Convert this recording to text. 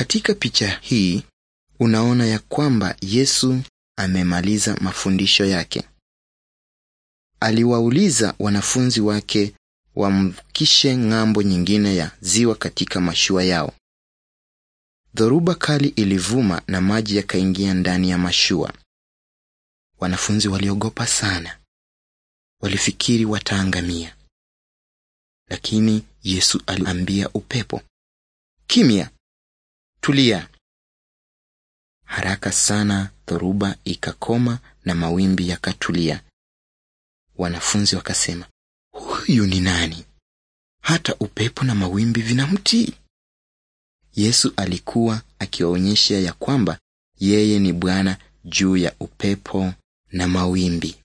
Katika picha hii unaona ya kwamba Yesu amemaliza mafundisho yake. Aliwauliza wanafunzi wake wamvukishe ng'ambo nyingine ya ziwa katika mashua yao. Dhoruba kali ilivuma na maji yakaingia ndani ya mashua. Wanafunzi waliogopa sana, walifikiri wataangamia. Lakini Yesu aliambia upepo, kimya, tulia. Haraka sana dhoruba ikakoma na mawimbi yakatulia. Wanafunzi wakasema, huyu ni nani? Hata upepo na mawimbi vinamtii. Yesu alikuwa akiwaonyesha ya kwamba yeye ni Bwana juu ya upepo na mawimbi.